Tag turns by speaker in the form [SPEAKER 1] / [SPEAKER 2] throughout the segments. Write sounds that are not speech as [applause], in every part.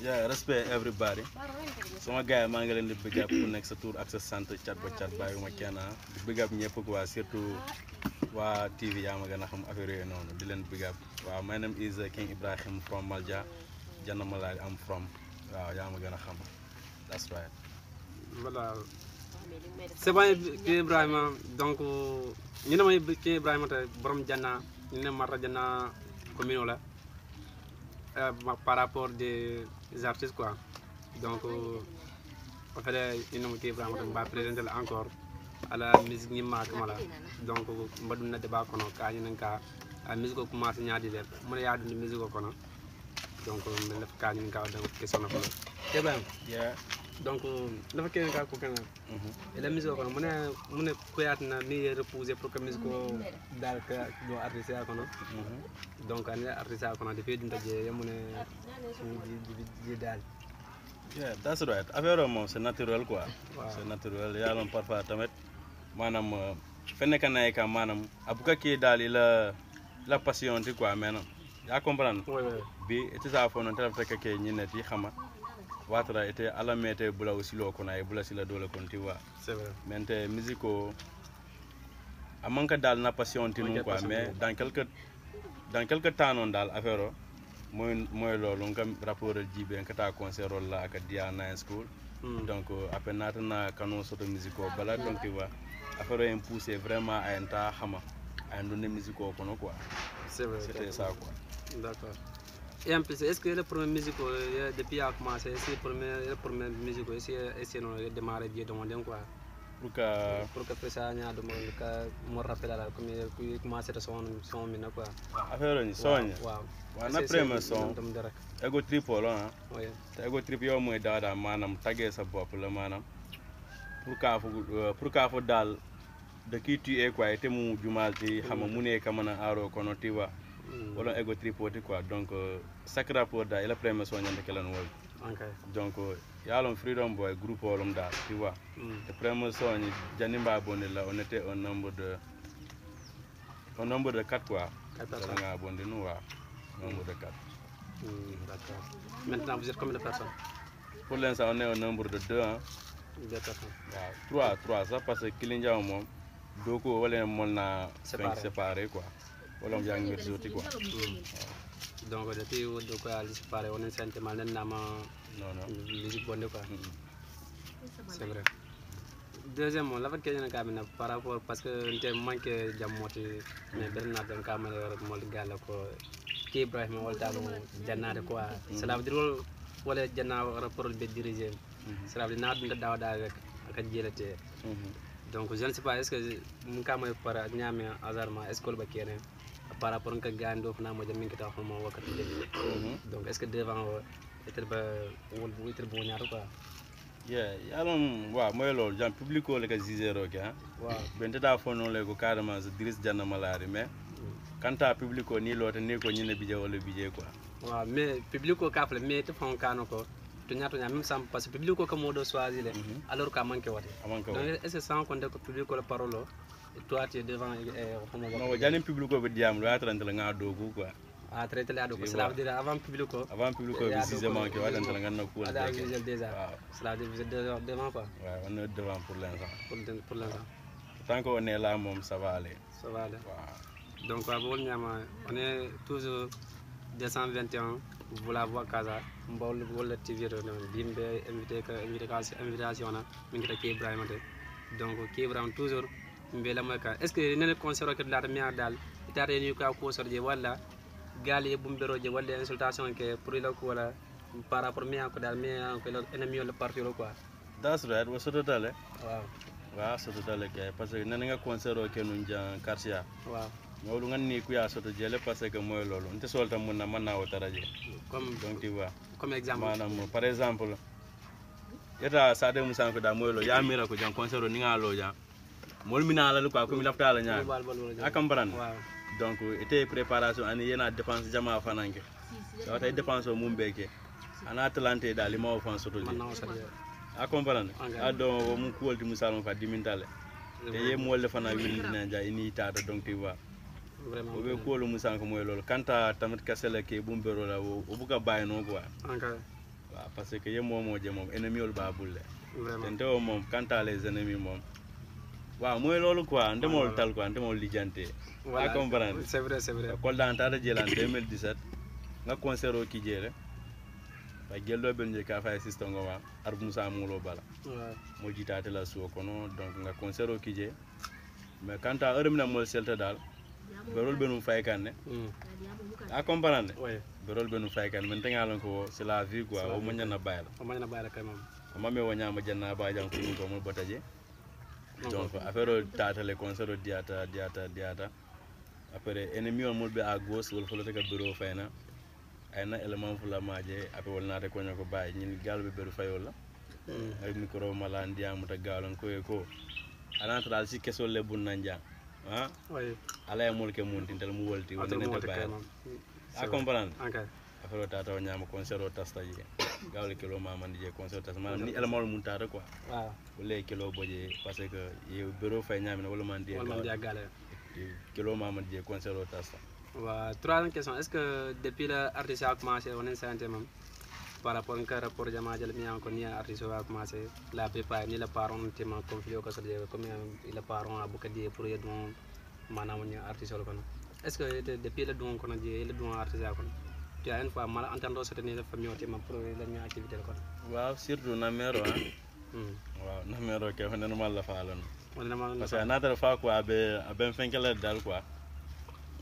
[SPEAKER 1] yeah respect everybody So my guy, man, ngi leen di big up ku nekk tour access center chat by chat by bàyyi ma nah. big up ñëpp quoi surtout waa TV yaa TV. I'm gonna come after you know. di big up my name is uh, King Ibrahim from Malja Jana Malai, I'm from waaw yaa ma gën that's right
[SPEAKER 2] voilà c'est bon King
[SPEAKER 1] Ibrahim, donc
[SPEAKER 2] ni ne may King Ibrahim te borom Jana, ni ne Mara Janna commune euh, par rapport de les artistes quoi donc euh, en fait ino mo kibra mo ba présenter encore ala musique ni ma kamala donc euh, mbadum na deba kono ka ni nka a musique ko commencé nyaadi le mo ya dum musique ko kono donc euh, mbele ka ni nka donc question na ko
[SPEAKER 1] ibrahim yeah
[SPEAKER 2] donc dafa keneen kaa ko keneen
[SPEAKER 1] mhm. et la musique kono mune
[SPEAKER 2] mune kuyatina mi ye reposer pour que musique o dal ka do artiste a kono mhm. donc ani artiste a kono depuis dinta je yamune je dal
[SPEAKER 1] yeah that's right affaire moom c'est naturel quoi c'est naturel yaalon parfois tamit maanaam euh, fenne ka naye kam maanaam abuka kii daal ila la passion ti quoi maintenant yaa comprendre bi ti saa fo noon tala fekk ke ñi ne ti xama watara ite ala mete bula usilo kona e bula sila dole kon tiwa mente musico a manka dal na passion tinu quoi mais dans quelque dans quelque temps non dal affaire moy moy lolu ngam rapport e jibe kata concert la ak dia nine school mm. donc après natana kanon soto musico bala donc tu afero affaire en pousser vraiment a enta xama à ndone musico kono quoi c'est vrai c'était ça quoi
[SPEAKER 2] d'accord Et en plus, est-ce que la première musique, depuis a commencé, est-ce que la première, la première musique, est-ce que c'est démarré bien demandé quoi
[SPEAKER 1] pour que pour
[SPEAKER 2] que ça nya demande que me rappelle là comme il commence à son son mina quoi affaire ni son nya wa
[SPEAKER 1] na prema son ego trip ola oui ego trip yo moy dada manam tagé sa bop la manam pour ka fu uh, pour ka fu dal de qui tu es quoi était mu jumal ti xama mu ne ka mana aro kono walla ego tripoti quoi donc euh, sacré rapport da ila premier soñande kelen wol donc euh, yalon freedom boy groupe olum da tu vois hmm. le premier soñi janimba bondi là on était un nombre de un nombre de 4 quoi nga bondi nous wa nombre de 4
[SPEAKER 2] hmm, d'accord maintenant vous êtes combien de personnes
[SPEAKER 1] pour l'instant on est au nombre de 2 hein deux personnes 3 3 ça parce que kilinjaw mom doko wala mon na séparé quoi walang yang mirzuti ko
[SPEAKER 2] donc depuis o do ko ali se pare wonen sente mal nen nama no no musique bonde quoi c'est vrai deuxièmement lafat keñana kamina par rapport parce que nte manque jam moti mais berna don kamale mol gala ko ke ibrahima woltano jannade quoi cela veut dire wol wala janna rapporol be dirigé cela veut dire na ɗum dawaɗa rek aka jelete donc je ne sais pas est ce que mum kamoye par hasardement est-ce école ɓa kene par rapport nga fna doofu naa moja mingi tawa mo wakati jeli mhm. donc est ce que devant itir ba wol bu itir bu ñaatu quoi
[SPEAKER 1] yeah yalon wa moy lol jam public ah. mm. ko le ka zero ke ha wa ben tata fo non le ko carrément so diris janna malari mais kanta public ko ni lota ni ko ñine bije wala bije quoi
[SPEAKER 2] wa mais public ko kafle mais te fon kano ko to ñato ñam même sam parce que public ko ka modo choisir le mhm. alors ka manke wote donc est ce sans compter ko public ko la parole toi tu es devant non no
[SPEAKER 1] janim public ko diam à atrante la nga dogu quoi
[SPEAKER 2] ah traité gars dogu cela veut dire avant public quoi
[SPEAKER 1] avant public ko précisément que atrante la nga na ko déjà cela veut dire vous êtes devant quoi ouais on est devant pour l'instant pour, pour l'instant tant qu'on est là mom ça va aller ça va aller
[SPEAKER 2] donc à vous on est toujours 221 la Voix Casa Mbol Vola TV non dimbe invité que invitation invitation na min ko donc Ibrahima toujours mbela moy ka est ce que nene conserve ke dulata miya dal itata yenu ka kusor je walla gaali ye bumbero je wala insultation ke pour ila ko wala par rapport miya ko dal miya ko ila ennemi wala parti lo quoi
[SPEAKER 1] that's right wo soto dale waaw waaw soto dale ke parce que nene nga conserve ke nun jan quartier waaw ngawlu ngan ni kuya soto jele parce que moy lolu nte solta mun na man na tara je comme donc tu vois comme exemple manam par exemple yata sade musanko da moy lo ya mira ko jan conserve ni nga lo jan mol mina la quoi comme lafta la ñaan akam baran donc ite préparation ani yena dépense jama fananke so tay dépense o mum beke ana talante dal ma ofan soto li a comprendre a do mum kuwolti fa dimintale te ye molle fana windi na ja ini tata donc tu vois o be kuwolu musan ko moy lol kanta tamit kasele ke bumbero la o buka bayno quoi parce que ye momo jemom. mom ennemi ol ba bulle tente o mom kanta les ennemis mom waaw mooy loolu quoi ndemool tal quoi ndemool lijjante voilà à comprendre c'est vrai c'est vrai Kolda 2017 nga concert o kijeere ɓa gelɗo ɓen je fay sisto ngo ma ar moussa muulo bala mo jitaate la kono donc nga concert o kije mais quant à heure mina mol selta dal berol ɓenum fay kan ne hmm. a ah, comprendre berol ɓenum fay kan min teŋalon ko c'est la vie quoi o moñana bayla o moñana bayla quand même o mami o ñama janna ko mol botaje donc affaire o tatale conseil o diyata diyata diyata après ennemi ol mulɓe à gauche wol foloteka bureau fayna ayna élément fula maje après wol naate koño ko baye ñin galɓe ɓeru fayol la hmm. ay micro mala ndiyamuta gawlan koye ko anataɗal si kesol le bunnan jang a alaye e molke muntintel mu wolti wondenete bayal a comprendre affaire o tata o ñama concert o tasta jee gaaw kilo ma man di jee consultation maanaam ni élément lu mun taata quoi waaw wala kilo boje parce que yow bureau fay ñaamina wala man di jagale kilo ma man di jee consultation
[SPEAKER 2] waaw troisième question est ce que depuis le artiste a commencé wonen santé mam par rapport à rapport jama jale mi ko ni artiste a commencé la prépa ni la parent te ma conflit ko sol jebe comme la euh, parent a beaucoup de pour yedon manam ni artiste ko est ce que depuis le don je le don artiste Tivaouane fois mala entendre soutenir famille tema pour lagna activité kon
[SPEAKER 1] waaw surtout namero ha ah. mm. waaw namero ke hono normal la faalon parce que another fois quoi be ben fenkela dal quoi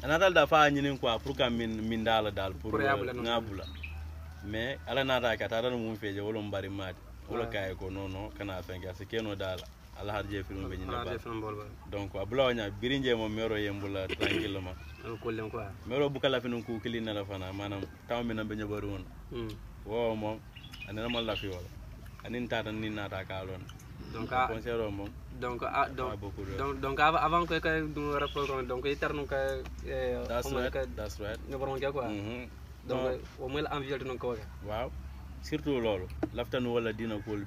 [SPEAKER 1] another da fa ñinin quoi pour ka min min dala dal pour ngabula mais ala nata ka taran mum feje wolum bari maade wala kay ko nono non kana fenkel se keno dala alharje film be nyina alharje film bol bol donc abula wanya birinje mo mero yembula tranquillement
[SPEAKER 2] o kollem quoi
[SPEAKER 1] mero bukala finu ku kilina la fana manam taw mi nambe nyabaru won mm wo mo anena mal la fi wala anin tata ni nata ka lon donc a ah, concert mo donc ah, a donc donc avant
[SPEAKER 2] que que du rapport comme donc itar nu ka
[SPEAKER 1] that's right that's right nyabaru won quoi mm donc o mo la envie de nu ko wow surtout lolu laftanu wala dina ko lu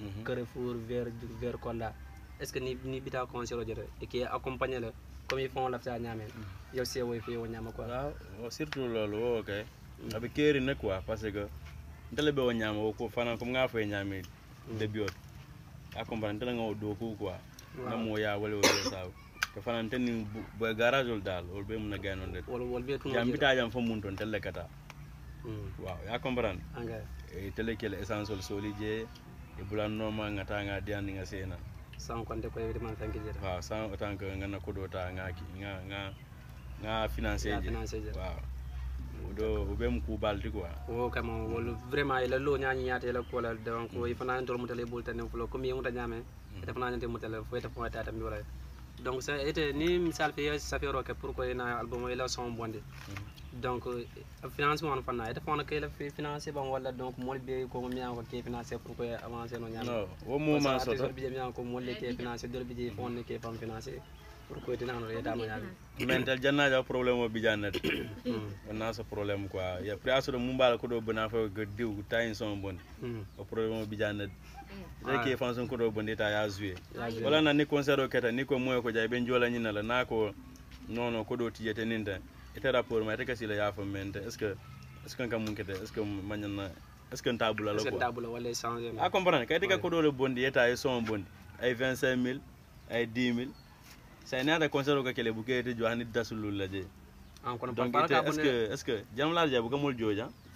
[SPEAKER 2] Mm-hmm. Carrefour vers vers est-ce que ni ni bita conseil lo jere et qui accompagner le comme ils font la fta ñamé mm-hmm.
[SPEAKER 1] yow sé way fi ñama quoi waaw surtout lolu ok mm-hmm. abi kéri nak quoi parce que dalé be ñama ko fana comme nga fay ñamé de bio accompagner dalé nga do ko quoi na mo ya wala wala Ke te fana ni bo garage ol dal ol be mu na gaynon de wala wala be ko. jam bita jam fa mun ton tele kata waaw ya comprendre anga Et tele kele essentiel soli je e bulannooma nga taa nga diyandi nga seena sans compter ko évidemment fenkijeta waaw sans autant que nga nakkuɗo ta nga nga nga nga financé je waaw oɗo o ɓem kubalti quoi o kam
[SPEAKER 2] wol vraiment ila lo ñañiñaate ila kuola donc mm. i fana ntol mutale ɓoltanen fulo comme yemuta ñaame ete mm. fana ñante mutale fo ete fo tata wala donc ça ite ni misal fi safiro ke pour koye na album ila son bonde donc euh, financement no fanna ite fono kele fi financé ban walla donc mol be ko mi an ko ke financé pour koye avancé no nyama wo moment so to bi mi an ko mol ke financé dol bi je fon ke fam financé pour dina no reta ma yabi mental
[SPEAKER 1] janna ja problème o bi janna wonna so problème quoi ya pri aso do mumbala ko do bana fa ko diw tayin son bonde o hmm. problème o bi janna jake ah. fan sun kudo bondita ya zuye wala na ni concert keta ni ko moyo ko jaybe njola nyina la nako nono kodo tiyete ninta ite rapport ma ite kasila ya fa mente est ce que est ce que ka mun kete est ce que manyana est ce que n la ko
[SPEAKER 2] la wala e a
[SPEAKER 1] comprendre kay tika kodo le bondi eta ay son bondi ay 25000 ay 10000 say nata concert ko kele bukete jo hanid dasulul la je
[SPEAKER 2] an kono est ce que
[SPEAKER 1] est ce que jamla mol bukamul joja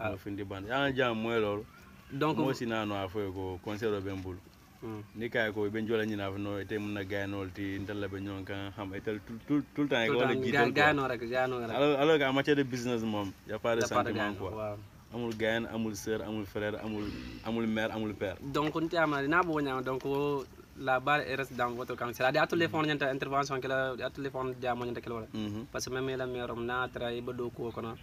[SPEAKER 1] a ah. findi banda y'a an jan donc mo sina no afo ko conseil do ben bulu hmm. ni kay ko ben jola ñina fa no te mun na gaynol ti ndal la be ñon kan xam et tout tout tout temps ko la jital gayno rek
[SPEAKER 2] gayno rek alors
[SPEAKER 1] alors matière de business mom ya a pas de sentiment quoi amul gayan amul sœur amul frère amul amul mère amul père
[SPEAKER 2] donc on tiama na bo ñama donc oh, la balle reste dans votre camp c'est à dire à tous les mhm. fonds d'intervention que à tous les fonds de diamant que mhm. parce que même la mère on a travaillé beaucoup quoi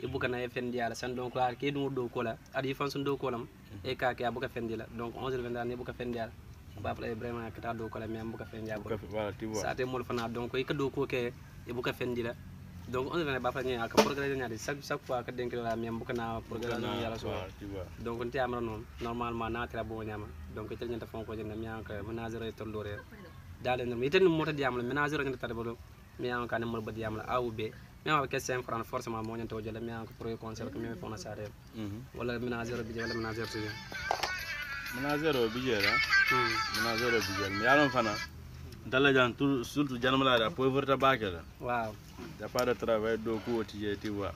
[SPEAKER 2] ibu kana na ye fendi ala san donc ar ke dum do kola ar yi fan do kolam e ka ke abuka fendi la donc 11 20 ne buka fendi ala ba fala e vraiment ka ta do kola mais abuka fendi ala voilà tu vois sa te mol fana donc e ka do ko ke e buka fendi la donc 11 venait ba fa ñaan ka programme ñaari chaque chaque fois ka denk la même bu na programme ñaan yalla so donc on ti amra non normalement na tra bo ñama donc ci e ñenta fon ko jënd mi an menager e to lore dalen mi tan mo ta diam la menager ñenta tar bo mi an ka ne mo ba diam la a ou b mi wa kesse en fran forcément mo ñanto jël mi ko projet concert ko mi fona sare
[SPEAKER 1] wala mi na ménageur bi wala ménageur tu ménageur bi jera ménageur bi hmm mi na mi yalon fana dala jan tout surtout janam la da pauvreté la waaw da pas de travail do ko ti je ti wa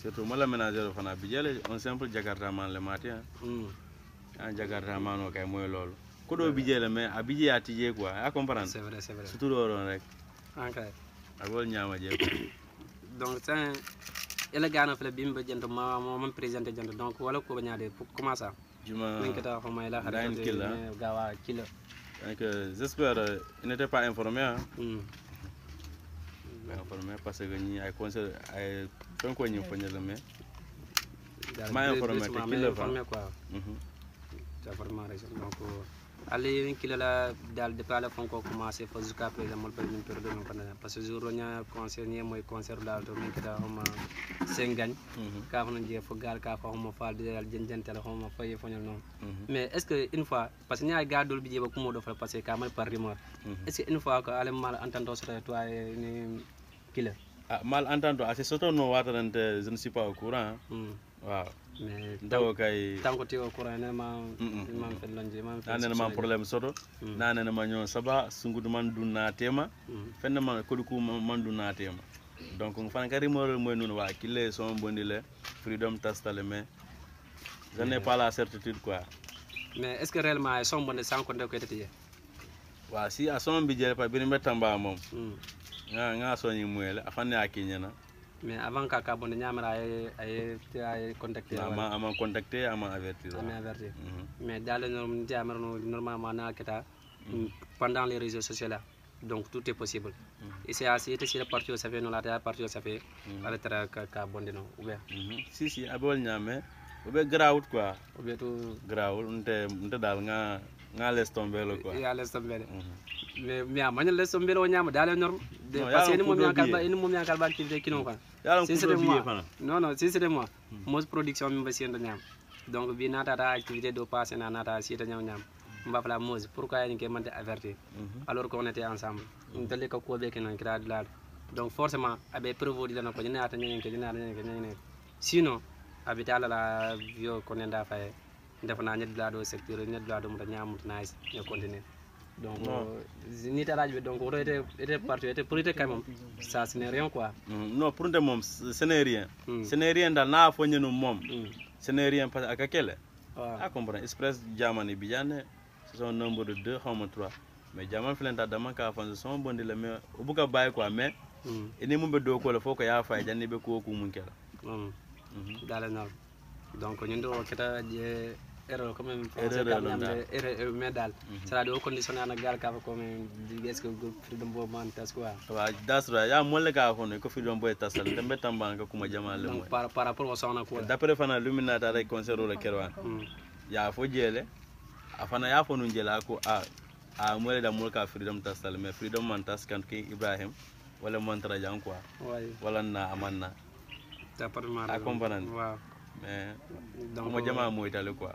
[SPEAKER 1] surtout mala mi na ménageur fana bi jele un simple jakarta man le matin hmm en jakarta man o kay moy lolu ko do bi jele mais a bi je ya ti je quoi a comprendre c'est vrai c'est vrai surtout do ron rek encore kay a wol ñama je
[SPEAKER 2] donc sen elegana fele bimbe jento ma mo man présenter jento donc wala ko bañade pour comment ça
[SPEAKER 1] juma winkata ko may la harata
[SPEAKER 2] gawa kilo
[SPEAKER 1] donc j'espère euh, il n'était pas informé hein mm. informé parce que ni ay conseil ay ton ko ñu fañal mais
[SPEAKER 2] ma informé te kilo fa quoi mhm vraiment raison donc euh, alla yemin kilala dal depuis ala fonko commencé fo jusqu'à présent mol par min perdo non panana parce que jour ña concert ñe moy concert dal to min kita homa sengagne ka fa non je fo gal ka fa homa fal de dal jenjentel homa fo ye fonol non mais mhm. mhm. est ce que une fois parce que y a dol bi je
[SPEAKER 1] ba kumo do fa parce passer ka mal par moi mhm. est ce que une fois ko ala mal entendre sur toi ni kila ah mal entendre assez ah, surtout no je ne suis pas au courant hein. hmm. waaw
[SPEAKER 2] dawa kay tankotiwo kuranema imam fellon nanene ma probléme
[SPEAKER 1] soto nanene ma ñoo mm. saba sungudu man du naatema mm. fenne ma koduku man du naatema donc fan ka rimorol moy nun wa kille son bondi le freedom tastale mais je n'ai pas la certitude quoi
[SPEAKER 2] mais est ce que réellement son bondi sanko nde ko
[SPEAKER 1] tete wa si a son bi jere pa bi me tamba mom mm. nga nga soñi moyele afane akinyana
[SPEAKER 2] mais avant kaka bonde ñamira aye aye contacté ama ama
[SPEAKER 1] contacté ama avertir ama averti mhm.
[SPEAKER 2] mais dale norm ñamira normalement na keta mhm. pendant les réseaux sociaux là donc tout est possible mhm. et c'est assez c'est la partie ça fait non la partie ça fait ala la ka bonde no
[SPEAKER 1] si si abol ñame ou bien grawut quoi ou bien tout te nte nte dal nga Não les tombelo quoi Não les tombele
[SPEAKER 2] mais
[SPEAKER 1] não amanya les tombelo Não, não não Não, não Não,
[SPEAKER 2] não Não, não Não, não Não, não Não, não Não, não Não, não Não, não não não Não, não Não, não Não, não nyam donc bi nata ta activité do passer na nata si ta nyam nyam mba fala mose pourquoi ni ke man te avertir mhm. alors qu'on était ensemble on mhm. tele ko não be kenan kira dilal donc forcément abe prévu dilana não ni nata nyen ke ni nata nyen ke nyen sinon abitala la vio konenda faye defe naa ñetti laa doon secteur la do doon dañu amut nice ñu ya continuer donc euh, ni ta rajo bi donc woto était était partout était pour était quand même ça
[SPEAKER 1] ce n'est rien quoi mm, non pour nte moom ce n'est rien ce n'est rien daal naa fo ñenu moom mm. ce n'est rien parce que ak ah. a comprendre express jamani bi jane ce sont nombre de deux xawma trois mais jaman filenta dama ka fan son bondi la mais o buka baye quoi mais ini mm. e mun be do ko la foko ya fay e jani be ko ko mun kela mm-hmm. dala na donc ñun do
[SPEAKER 2] kita je erreur quand même erreur meeɗal saɗaɗo o conditionné ana gal kafa comme est ce que freedom bo man tas quoi
[SPEAKER 1] wa dasra ya molle ka kono ko freedom boy tasal tembe tamban ka kuma jamale mo par par rapport o sawna ko d'après fana luminata ay concert o le kerwan mm. ya fo jele afana ya fo nun jela ko a a mo molle da mol ka freedom tasal mais freedom man tas kan ke ibrahim wala montara jan quoi wala na amanna ta par ma accompagnant waaw mais
[SPEAKER 2] eh, kuma jama moy tale quoi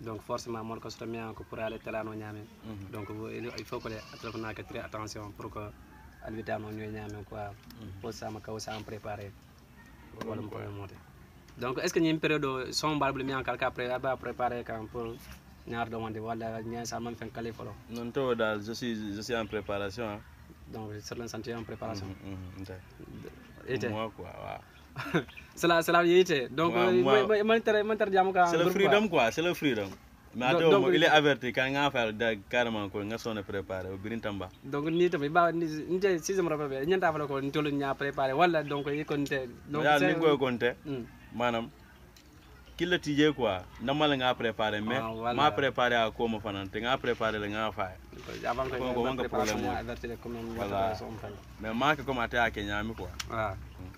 [SPEAKER 2] donc forcément mon ko bien pour aller telano ñamen mhm. donc il faut que le très attention pour que alwitano ñoy ñamen quoi mhm. pour ça kaw sam donc est ce que y période une son sans barbe en kalka après aba préparé quand pour ñaar demander walla ñen sa m'a fait kali folo
[SPEAKER 1] non toi je suis je suis en préparation hein.
[SPEAKER 2] donc sur le en préparation
[SPEAKER 1] mhm, et moi quoi [laughs] c'est la c'est la vérité. donc mooy
[SPEAKER 2] man tere man tere jaamu kaa. c'est le freedom
[SPEAKER 1] quoi c'est le freedom. mais donc donc il est euh, averti quand nga fa da carrément ko nga sone préparé birintamba donc ni to ba
[SPEAKER 2] ni nte sixième rapport be ñanta fa ko ni tolu ñaa préparé wala donc yi konté donc ya ni ko
[SPEAKER 1] konté hmm. manam kila tije quoi namal nga préparé mais ah, ma préparé a ko mo fanan te nga préparé le nga fa avant ko ko nga problème voilà mais ma ko ma ta ke ñami quoi ah hmm.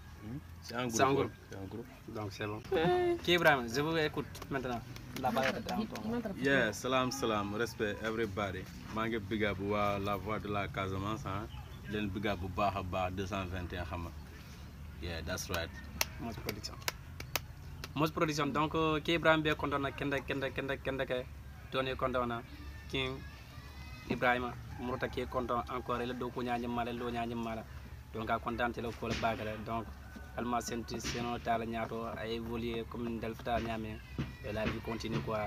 [SPEAKER 1] C'est un groupe. Donc c'est bon. Ibrahim, je vous écoute maintenant.
[SPEAKER 2] La Yes.
[SPEAKER 1] salam salam, respect everybody. la voix de la Casamance ah. Len 221 Yeah, that's right.
[SPEAKER 2] production. production donc euh, Kibram be kenda kenda kenda kenda content de King Ibrahim, murta est content? encore le donc a donc alma senti seno tala ñaato a évolué commune delfata Nyame et la vie continue quoi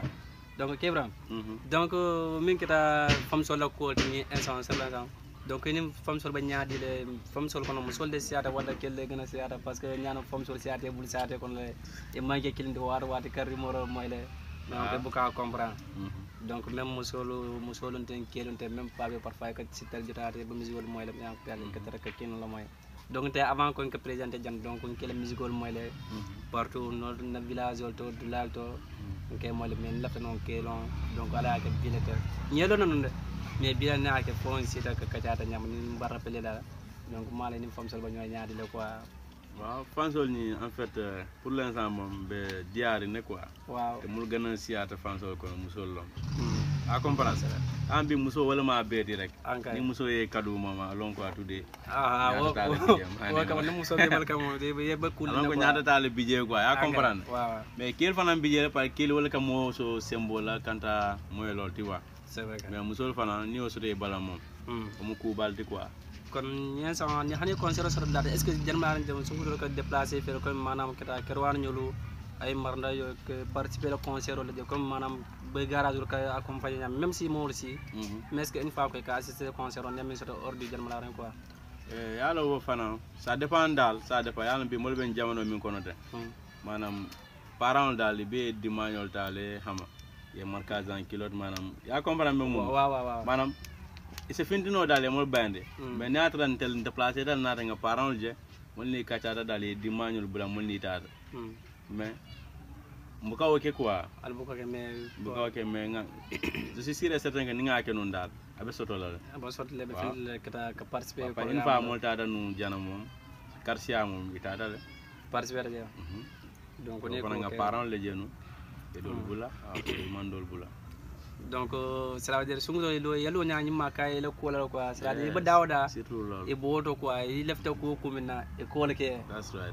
[SPEAKER 2] donc kebram mm -hmm. donc min kita fam solla ko ni instant sala tan donc ni fam sol ba ñaadi le fam sol kono mo solde siata wala kelle gëna siata parce que ñaano fam sol siata bul siata kono le e manke kilinde waata waati karri moro moy le donc ah. buka comprendre mm -hmm. donc même musolu musolunten kelunten même paɓe parfois kadi si tal jotaate ba musiwol moy le ñaan pelle ketara ka kin la moy donc te avant kon ko présenté jang donc kon kele musical moy le mm-hmm. partout no mm-hmm. na village ol to dulal to ke moy le men lafta non ke lon donc ala ka bilete ñelo non de mais bila na ke fon si ta ka kata ñam ni mbar rappelé donc ma ni fam sol ba ñoy le quoi
[SPEAKER 1] waaw fansol ni en fait euh, pour l'instant mom be diari ne quoi waaw te mul gëna siata fansol ko musul lom a comprendre an bi muso ma be di direct ni muso ye kadu mama, ma lon ko Ah ah, o kama ni muso de mal kama
[SPEAKER 2] de ye ba kulli ko nyaata
[SPEAKER 1] tale le ko a comprendre mais kel fana bije par kel wala ka mo so symbole kanta moy lol ti wa c'est vrai mais muso fana ni o so de bala mom mo hmm. ku bal ti quoi kon
[SPEAKER 2] ñen sama ni xani concert sor dal est ce que jarma lañ dem su ko ko déplacer fer comme manam kata kerwan ñolu ay marnda yo participer le concert le comme manam bay garage ul ka accompagner ñam même si mo si mhm. mais est ce que une fois que cas c'est concert on yamin so hors du jarmal rien quoi
[SPEAKER 1] eh yalla wo fana ça dépend dal ça dépend yalla bi mo le ben jamono mi ko noté mhm. manam parents dal be dimagnol talé eh, xama ye marquage en kilote manam ya comprendre même mo wa wa wa manam c'est fin ise findino dalé mo bandé mhm. mais na tra tel déplacer dal na nga parents je mo ni kacata dal ye dimagnol bula mo ni tata mais mbuka oke quoi
[SPEAKER 2] albuka ke me mbuka
[SPEAKER 1] oke me nga je suis sûr et certain ni nga ke non dal abe soto la
[SPEAKER 2] abe ah, soto le be fil kata ka participer ko en fa mol
[SPEAKER 1] ta da nu jana mom sia mom ita da le participer ja mhm.
[SPEAKER 2] donc ne ko nga parent
[SPEAKER 1] le jenu e dol ah. bula ah, man dol bula
[SPEAKER 2] donc euh, cela veut dire do lo yalo nya ma kay le ko la ko cela dire ba
[SPEAKER 1] dawda e
[SPEAKER 2] boto ko i lefta ko kumina e ko ke that's right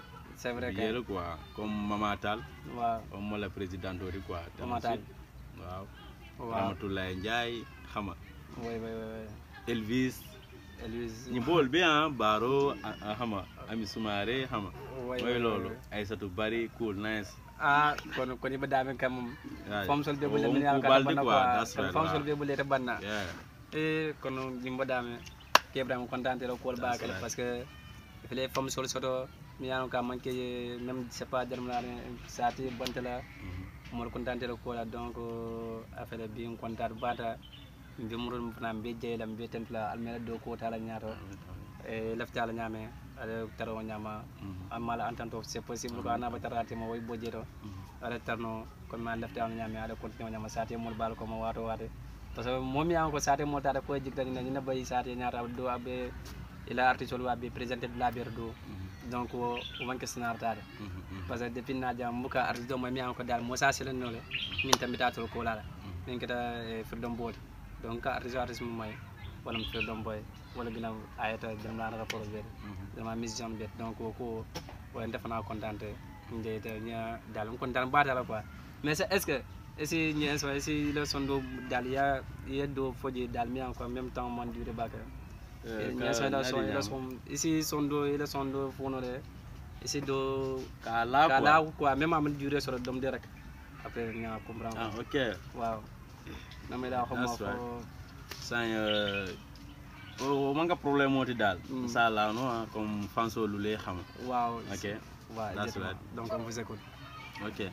[SPEAKER 1] c'est vrai que yéen quoi comme Mama Tall. waaw comme moom la président ori quoi. Mama Tall waaw. Ramatoulaye Ndiaye xam nga. oui oui Elvis. Elvis ñu bool bi ah Baro xam nga Ami Soumaré xam nga. mooy loolu Bari cool nice.
[SPEAKER 2] ah kon koni ɓe damin kam
[SPEAKER 1] famsol be bulle min yalkaɗaɓana quoi famsol be bulle to banna
[SPEAKER 2] e kono jim mbaɗami keɓrama contante ɗo kool bakale par ce que fele famsol soto miyano ka manke même c'est pas dermala sati bantala mol kontante la kola mhm. donc affaire bi on kontar bata mbi murul fana mbi jeyla mbi tentla almela do ko tala nyaato ah, ah, e eh, leftala nyame ala taro nyama mhm. amala c' est possible ko ah, anaba tarate mo way bojeto mhm. ala tarno comme ma leftala nyame ala continue ñaama sati mol baal ko mo wato waate parce que momi an ko sati mo tata ko jigtani na ni na bayi sati nyaata do abe ila artisol wa be presented la berdo mm donc o wonke sinartade mhm, mhm. par ce que depuis jam muka ardido mo mi an ko dal mosa silannole min tambita tol kolala mhm. min keta e, firdom booti donc ardido artisme moye wala mi firdom boye wala gina ayata demlan rapport ɓeede vraiment mission ɓeede donc ko wala defana contente ndeyta ña dal on kon dal mbatala quoi mais c'est est ce que esi ñe so esi le son do dal ya yeddo ya foje dal mi an quoi en même temps mon duré bakara Eh, isi sondo ila sondo fono de isi do kala quoi kala quoi même am duré sur dom de rek ah ok waaw na me da xom ko
[SPEAKER 1] sañ o manga problème moti dal ça là no comme fanso lulé xam
[SPEAKER 2] waaw ok waaw that's right donc on vous
[SPEAKER 1] écoute ok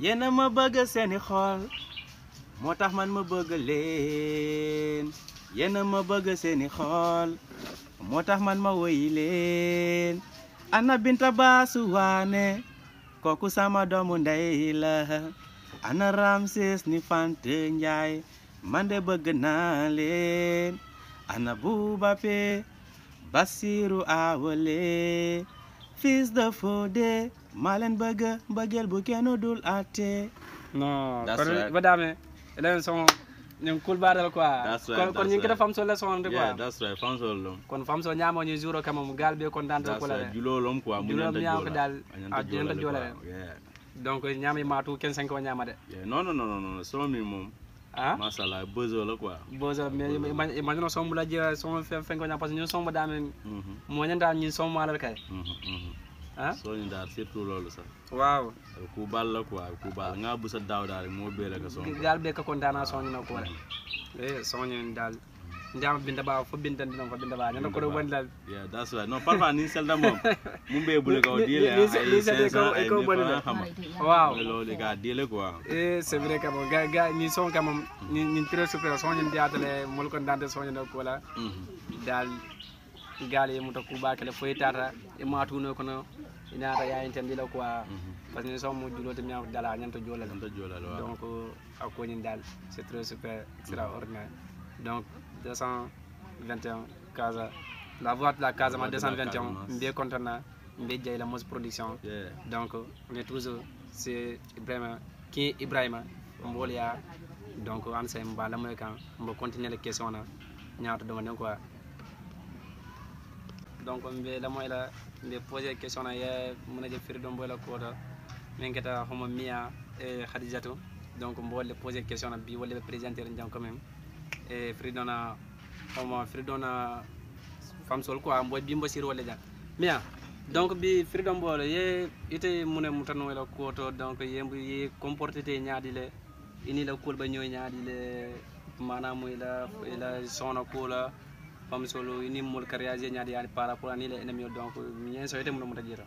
[SPEAKER 1] yena ma bëgg seen xol motax man ma bëgg leen yéena ma bëgg seeni xool moo tax man ma woyi leen ana binta baasu waane kooku sama doomu ndey la ana ramses ni fant njaay man de bëgg naa leen ana buuba pe basiru awale fils de Fodé maa leen bëgg mbëggeel bu kenn dul àtte non ba daamee leen son ñoom
[SPEAKER 2] cool badal quoi that's right kon kon ñu ngi da fam
[SPEAKER 1] le son de quoi yeah that's right fam
[SPEAKER 2] so lom mu gal be kon dan to ko la that's right julo
[SPEAKER 1] mu ñanta julo ñam dal ak ñanta julo yeah donc ñami matu ken sen ko ñama de non non non non so mi mom ah macha allah bozo la quoi
[SPEAKER 2] bozo mais imagine sombo la je sombo fen ko ñam parce que ñu sombo da men
[SPEAKER 1] mo ñanta ñu sombo malal kay ah so ñu dar surtout lolu sax waaw ku bal la quoi ku bal nga bu sa daw dal mo be la ka son dal
[SPEAKER 2] be ka condamna son na ko mm. eh son dal ndam binda ba fo binda ndam fo binda ba na ko do wandal
[SPEAKER 1] yeah that's right no parfa ni sel da mom [laughs] mum be bu le ko di le ah, ni sel ko ko bonda waaw lo le ka di le quoi
[SPEAKER 2] eh c'est vrai ka ga ga ni son ka mom mm. ni ni très super son ni mo ko ndante na ko la mm-hmm. dal gaale mu ta ku ba kala foy e tata e ma kono inata yayin tan dila quoi mhm. parce que so mo julo tan ñam dala ñam to jola ñam to jola donc euh, akko ni dal c'est très super extraordinaire mhm. donc 221 casa la voie de la casa ma 221 mbiye contana mbiye jey la mos production donc on est toujours c'est ibrahima qui ibrahima on ya donc an say mba la moy kan mbo continuer la question na ñaata dama ne quoi donc mbe lamoyla mbe posé question na ye la freedom boyla koto min keta homo miya e khadijatou donc mbo wolle posé question na bi wolle ɓe présenté ren jam quand même e freedom na homo freedom na famsol quoi mbo bimbo sir wolle jam miya donc bi freedom boolo ye ite mune mu tan woyla koto donc yembo ye comporté te ñaadi le ini la kuol ɓa ñoy ñaadi le manamu ila ila sowna pam solo ini mul kariaje nyaadi ani para pour ini le enemi donc nyen so ite mun jira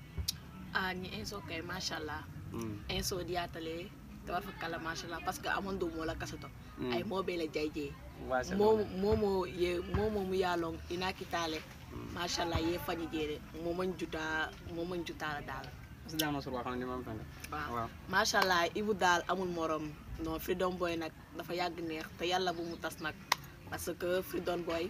[SPEAKER 3] ah ni enso kay machallah hmm. enso diatale tawar fakala machallah parce que amon do mola kasato hmm. ay mo be la jayje mo mo ye mo mo ya long ina kitale hmm. machallah ye fani jere mo man juta mo man juta la dal
[SPEAKER 2] sidama sur waxon ni mam fanga waaw
[SPEAKER 3] machallah ibu dal amul morom non freedom boy nak dafa yag neex te yalla bu mu tas nak parce que freedom boy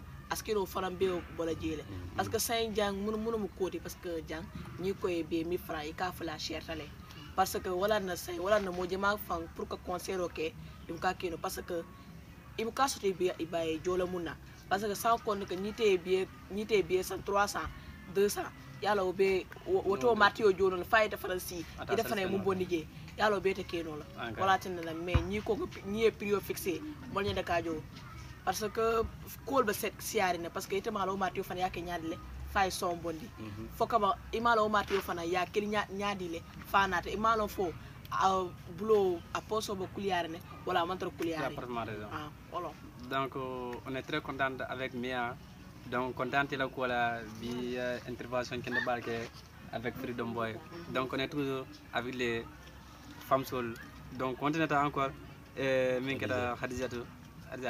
[SPEAKER 3] askiro faran mm-hmm. parce que sain jang mun mun mu koti parce que jang ni ko e be mi fra e ka fala chertale mm-hmm. parce que wala na sai wala na moje ma fang pour que concert ok dum ka kino parce que im ka sote be e baye munna parce que sans kon que ni te be ni te be 300 200 yala o be woto marti o jono fayta faransi e defa ne mum bonni je yala o be te keno la ah, wala tan na mais ni ko ni e prix fixé mo nyanda ka jo par ce que kolɓe siarine par ce que itema ala o matiyo fana ya ke ñadile fay e sombondi mhm. fo kaba imala o matiyo fana ya ke ñadile le fa fo a bulo a poso bo kuliyari ne wala a kuliare ah, voilà.
[SPEAKER 2] donc euh, on est très content avec Mia donc contente la kola bi euh, intervention kende barke avec Freedom Boy donc on est toujours avec les femmes soul donc on est encore euh, min kata Khadijatou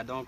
[SPEAKER 2] donc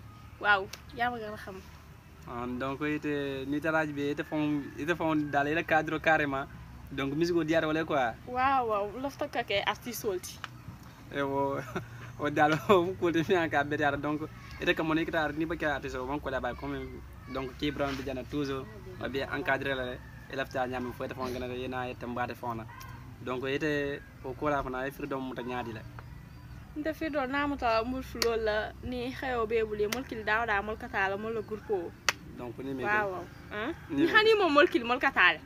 [SPEAKER 3] waaw yaa ma gën a xam.
[SPEAKER 2] donc ite nitaraaji bi ite fon ite fon daal ila cadre carrément donc musique o diyata wala quoi
[SPEAKER 3] waaw waaw lofta kake arti solti
[SPEAKER 2] e o o daal o kulte mi anka betiyata donc ite kam moni kitara ni bakke artiste o wonko daaba comme donc kibran bi jana toujours o bi encadré la e lafta ñami fo ite fon gana yena yette mbaade fona donc ite o kola fana e freedom muta ñaadi la
[SPEAKER 3] nda fi do mul fi lol la ni xeyo ɓeɓule molkil dawɗa molkatala molla groupe o
[SPEAKER 2] donc ni me waaw
[SPEAKER 3] hein ni hani mo kata la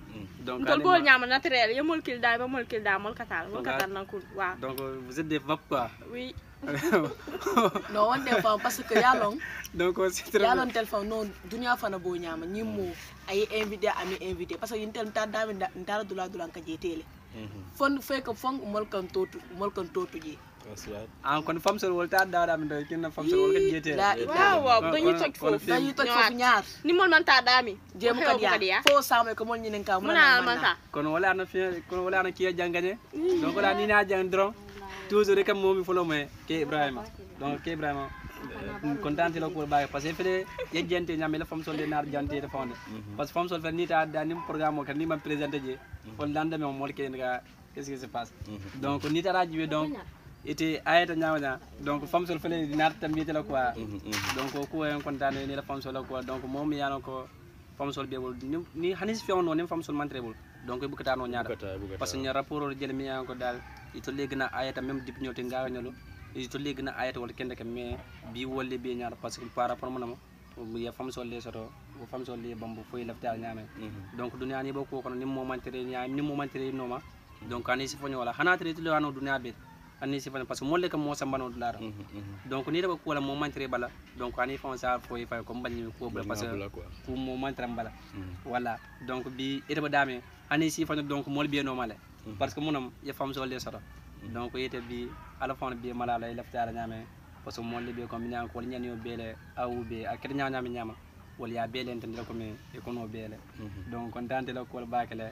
[SPEAKER 2] donc tol bol ñama
[SPEAKER 3] naturel ya kil da ba mul molkil da mul kata na ko waaw
[SPEAKER 2] donc vous êtes des vap quoi
[SPEAKER 3] oui non on des femmes parce que ya long
[SPEAKER 2] donc c'est très ya yalon
[SPEAKER 3] téléphone non dunya na bo ñama ñi mo ay invité ami invité parce que intel ta dami ndara dula dula ka je télé fon fek fon kan totu kan totu ji am
[SPEAKER 2] ah, kon fam sol wol ta da da min do na fam sol wol kan jete waaw waaw dañu ah, toj foofu dañu toj foofu
[SPEAKER 3] ñaar ni mol man ta da mi jemu ko dia fo samay ko mol ñinen ka mo na man ta
[SPEAKER 2] kon wala na fi kon wala na kiya jangane
[SPEAKER 3] mm. donc la ni
[SPEAKER 2] na jang dron toujours rek momi folo me ke ibrahima donc ke ibrahima contente euh, mm, la pour baye parce que fele ye jente nyame la fam sol de nar jante de fonde mm-hmm. parce que fam sol fe ni ta da ni programme mm-hmm. ko ni man présenter je fon lande me mol ke nga qu'est-ce qui se passe mm-hmm. donc ni ta rajibe donc ite ayata ñawña donc famsol fele di naata yete mbiyetela quoi mhm, mhm. donc ku en contane ni la famsol la quoi donc mom yano ko famsol bebul ni hanis fewno ni famsol mantrebul donc bu katano ñaata parce que rapport jël mi yanko dal ito legna ayata même dip ñote ngawa ñalo ito legna ayata wala kende kam mais bi wolle be ñaar parce que par rapport manama ya famsol le soto bu famsol le bambu foy laftal ñame mhm. donc dunya ni bo ko kono ni mo mantere ñam ni mo mantere noma donc ani sifo ñola hanatere to le wano dunya be hani sifana parce que molle kam mo sambano dulara uhuh, uhuh. donc ni reba kula mo mantre bala donc ani fon sa fo fa ko banni ko bala parce que ku mo mantre bala uhuh. voilà donc bi reba dame ani sifana donc mol bi no male parce que munam ya fam so le sara donc yete bi ala fon bi mala la lafta ala nyame parce que molle bi ko mi nyaa ko nyani o bele awu be akir nyaa nyama nyama wala ya bele entendre ko me e kono bele donc on dante la ko bakale